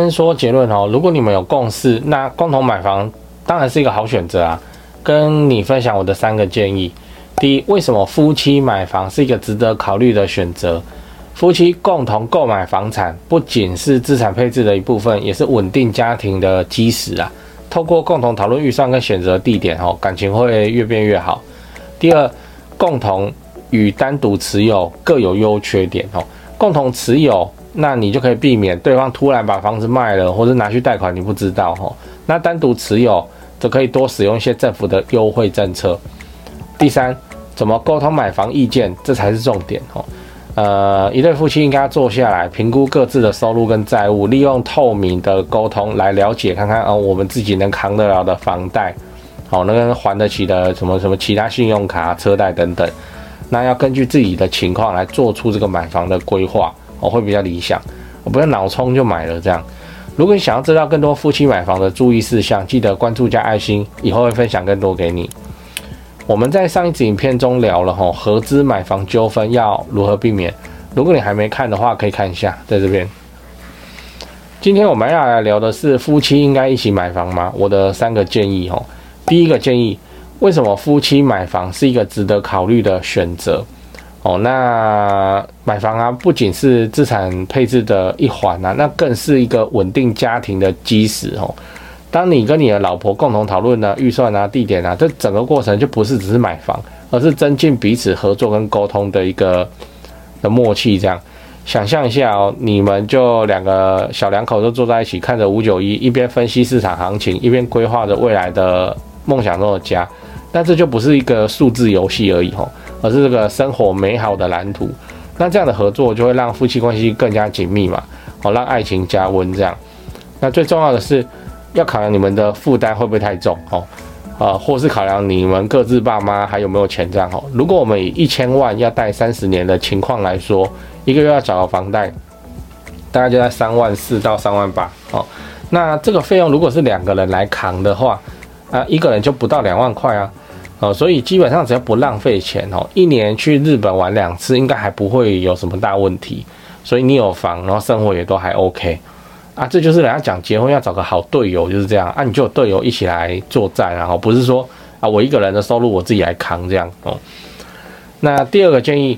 先說結論哦，如果你們有共識，那共同買房當然是一個好選擇啊。跟你分享我的三個建議：第一，為什麼夫妻買房是一個值得考慮的選擇？夫妻共同購買房產不僅是資產配置的一部分，也是穩定家庭的基石啊。透過共同討論預算跟選擇地點哦，感情會越變越好。第二，共同與單獨持有各有優缺點哦。共同持有。那你就可以避免對方突然把房子賣了，或者拿去貸款，你不知道吼。那單獨持有就可以多使用一些政府的優惠政策。第三，怎麼溝通買房意見，這才是重點哦。呃，一對夫妻應該坐下來評估各自的收入跟債務，利用透明的溝通來了解，看看哦，我們自己能扛得了的房貸，好能還得起的什麼什麼其他信用卡、車貸等等。那要根據自己的情況來做出這個買房的規劃。我會比較理想，我不要腦衝就買了這樣。如果你想要知道更多夫妻買房的注意事項，記得關注加愛心，以後會分享更多給你。我們在上一集影片中聊了吼，合資買房糾紛要如何避免。如果你還沒看的話，可以看一下，在這邊。今天我們要來聊的是夫妻應該一起買房嗎？我的三個建議吼：第一個建議，為什麼夫妻買房是一個值得考慮的選擇？哦，那買房啊，不僅是資產配置的一環吶，那更是一個穩定家庭的基石哦。當你跟你的老婆共同討論呢，預算啊、地點啊，這整個過程就不是只是買房，而是增進彼此合作跟溝通的一個的默契。這樣，想象一下哦，你們就兩個小兩口都坐在一起，看着五九一，一邊分析市場行情，一邊規劃着未來的夢想中的家。那這就不是一個數字遊戲而已哦。而是這個生活美好的藍圖，那這樣的合作就會讓夫妻關係更加緊密嘛。哦，讓愛情加溫這樣。那最重要的是要考量你們的負擔會不會太重哦，啊、呃，或是考量你們各自爸媽還有沒有錢這樣哦。如果我們以一千萬要貸三十年的情況來說，一個月要繳的房貸大概就在三萬四到三萬八哦。那這個費用如果是兩個人來扛的話，啊，一個人就不到兩萬塊啊。哦，所以基本上只要不浪費錢哦，一年去日本玩兩次，應該還不會有什麼大問題。所以你有房，然後生活也都還 OK，啊，這就是人家講結婚要找個好隊友就是這樣啊，你就有隊友一起來作戰啊，然後不是說啊我一個人的收入我自己來扛這樣哦。那第二個建議，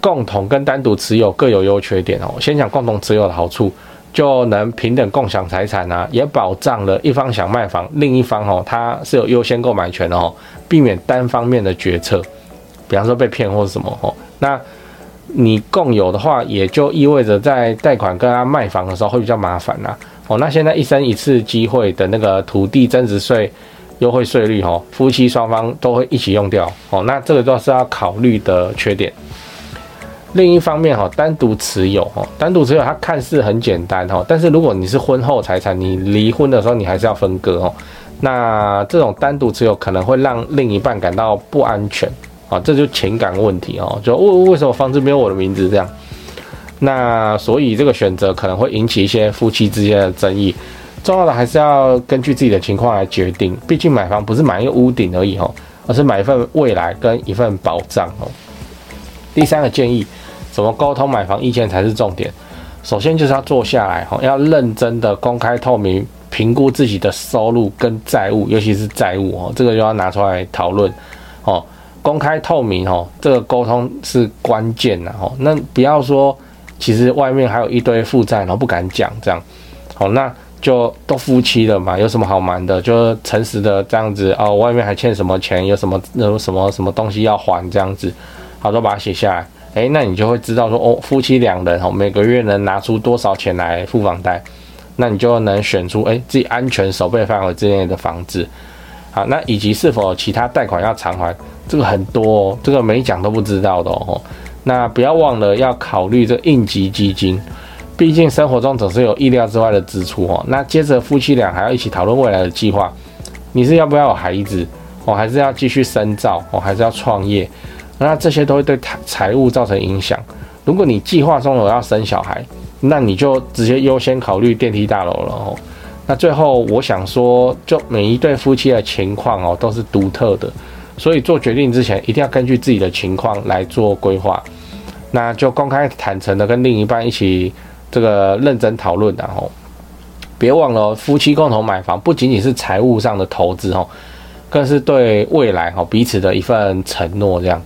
共同跟單獨持有各有優缺點哦。先講共同持有的好處。就能平等共享財產啊，也保障了一方想賣房，另一方哦，他是有優先購買權的哦，避免單方面的決策，比方說被騙或者什麼哦。那你共有的話，也就意味着在貸款跟他賣房的時候會比較麻煩吶、啊、哦。那現在一生一次機會的那個土地增值稅優惠稅率哦，夫妻雙方都會一起用掉哦。那這個都是要考慮的缺點。另一方面，哈，單獨持有，哈，單獨持有它看似很簡單，哈，但是如果你是婚後財產，你離婚的時候你還是要分割，哦，那這種單獨持有可能會讓另一半感到不安全，啊，這就是情感問題，哦，就為為什麼房子沒有我的名字這樣，那所以這個選擇可能會引起一些夫妻之間的爭議，重要的還是要根據自己的情況來決定，畢竟買房不是買一個屋頂而已，哈，而是買一份未來跟一份保障，哦，第三個建議。怎麼溝通買房意見才是重點？首先就是要坐下來，哈，要認真的、公開透明評估自己的收入跟債務，尤其是債務，哦，這個就要拿出來討論，哦，公開透明，哦，這個溝通是關鍵啊，哦，那不要說，其實外面還有一堆負債，然後不敢講這樣，哦，那就都夫妻了嘛，有什麼好瞞的？就誠實的這樣子，哦，外面還欠什麼錢？有什麼、有什麼、什麼東西要還？這樣子，好，都把它寫下來。誒，那你就會知道說哦，夫妻兩人哦，每個月能拿出多少錢來付房貸，那你就能選出誒自己安全守備範圍之內的房子，好，那以及是否其他貸款要償還，這個很多哦，這個沒講都不知道的哦。那不要忘了要考慮這個應急基金，畢竟生活中總是有意料之外的支出哦。那接着夫妻倆還要一起討論未來的計劃，你是要不要有孩子哦，還是要繼續深造哦，還是要創業？那這些都會對財財務造成影響。如果你計劃中有要生小孩，那你就直接優先考慮電梯大樓了哦。那最後我想說，就每一對夫妻的情況哦都是獨特的，所以做決定之前一定要根據自己的情況來做規劃。那就公開坦誠的跟另一半一起這個認真討論，啊，然後別忘了夫妻共同買房不僅僅是財務上的投資哦，更是對未來哈彼此的一份承諾這樣。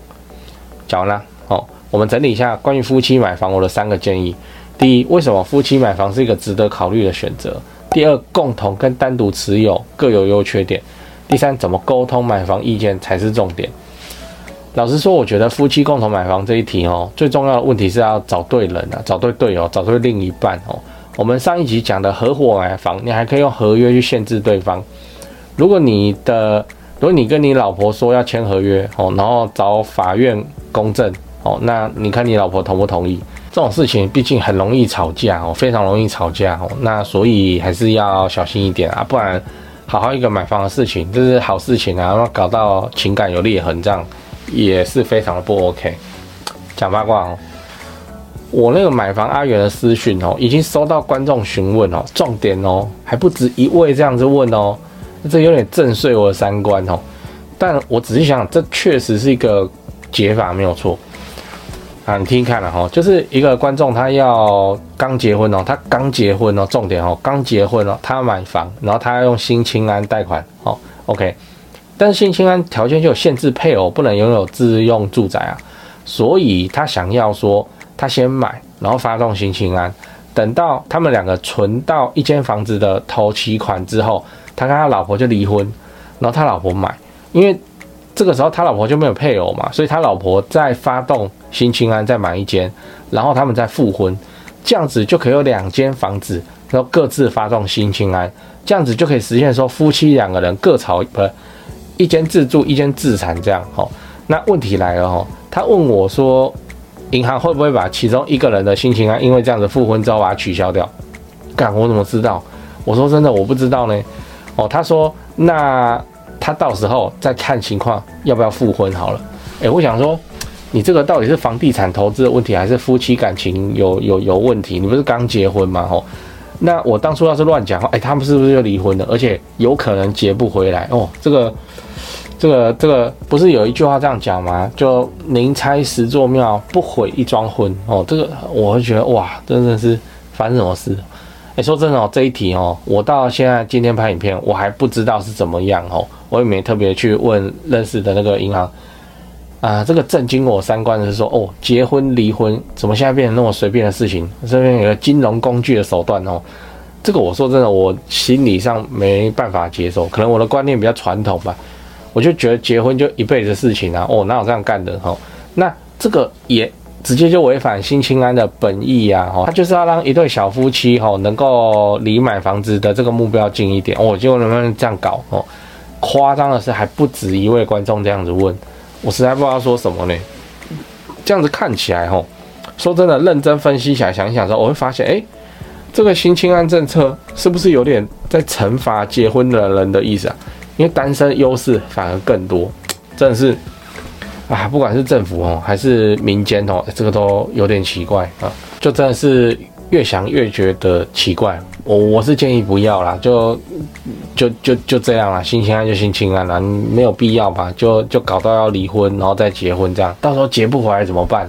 講完好，我們整理一下關於夫妻買房，我的三個建議。第一，為什麼夫妻買房是一個值得考慮的選擇？第二，共同跟單獨持有各有優缺點。第三，怎麼溝通買房意見才是重點。老實說，我覺得夫妻共同買房這一題哦，最重要的問題是要找對人了、啊，找對隊友，找對另一半哦。我們上一集講的合夥買房，你還可以用合約去限制對方。如果你的如果你跟你老婆說要簽合約、喔、然後找法院公證、喔、那你看你老婆同不同意？這種事情畢竟很容易吵架哦、喔，非常容易吵架哦、喔，那所以還是要小心一點啊，不然好好一個買房的事情，這是好事情啊，然後搞到情感有裂痕，這樣也是非常的不 OK。講八卦哦，我那個買房阿元的私訊哦、喔，已經收到觀眾詢問哦、喔，重點哦、喔，還不止一位這樣子問哦、喔。這有點震碎我的三觀哦，但我仔細想想，這確實是一個解法，沒有錯啊。你聽，聽看了、啊、哈，就是一個觀眾，他要剛結婚哦，他剛結婚哦，重點哦，剛結婚哦，他要買房，然後他要用新青安貸款哦，OK。但是新青安條件就有限制，配偶不能擁有自用住宅啊，所以他想要說，他先買，然後發動新青安，等到他們兩個存到一間房子的頭期款之後。他跟他老婆就離婚，然後他老婆買，因為這個時候他老婆就沒有配偶嘛，所以他老婆再發動新青安再買一間，然後他們再復婚，這樣子就可以有兩間房子，然後各自發動新青安，這樣子就可以實現說夫妻兩個人各炒一，不是，一間自住一間自產這樣。好，那問題來了哈，他問我說，銀行會不會把其中一個人的新青安，因為這樣子復婚之後把它取消掉？幹，我怎麼知道？我說真的，我不知道呢。哦，他說，那他到時候再看情況，要不要復婚好了。哎、欸，我想說，你這個到底是房地產投資的問題，還是夫妻感情有有有問題？你不是剛結婚嗎？吼、哦，那我當初要是亂講話，哎、欸，他們是不是就離婚了？而且有可能結不回來。哦，這個，這個，這個不是有一句話這樣講嗎？就寧拆十座廟，不毀一樁婚。哦，這個，我會覺得哇，真的是煩什麼事。說真的哦，這一題哦，我到現在今天拍影片，我還不知道是怎麼樣哦，我也沒特別去問認識的那個銀行啊、呃，這個震驚我三觀的是說哦，結婚離婚怎麼現在變成那麼隨便的事情？身邊有個金融工具的手段哦，這個我說真的，我心理上沒辦法接受，可能我的觀念比較傳統吧，我就覺得結婚就一輩子的事情啊，哦，哪有這樣幹的哦？那這個也。直接就違反新青安的本意呀，啊！哦，他就是要讓一對小夫妻哦能夠離買房子的這個目標近一點，我、哦、就能不能這樣搞哦？誇張的是還不止一位觀眾這樣子問，我實在不知道說什麼呢。這樣子看起來哦，說真的，認真分析起來想一想的時候，我會發現，誒、欸，這個新青安政策是不是有點在懲罰結婚的人的意思啊？因為單身優勢反而更多，真的是。啊，不管是政府哦，還是民間哦，這個都有點奇怪啊，就真的是越想越覺得奇怪。我我是建議不要啦，就就就就這樣啦，新青安就新青安啦，沒有必要吧？就就搞到要離婚然後再結婚這樣，到時候結不回來怎麼辦？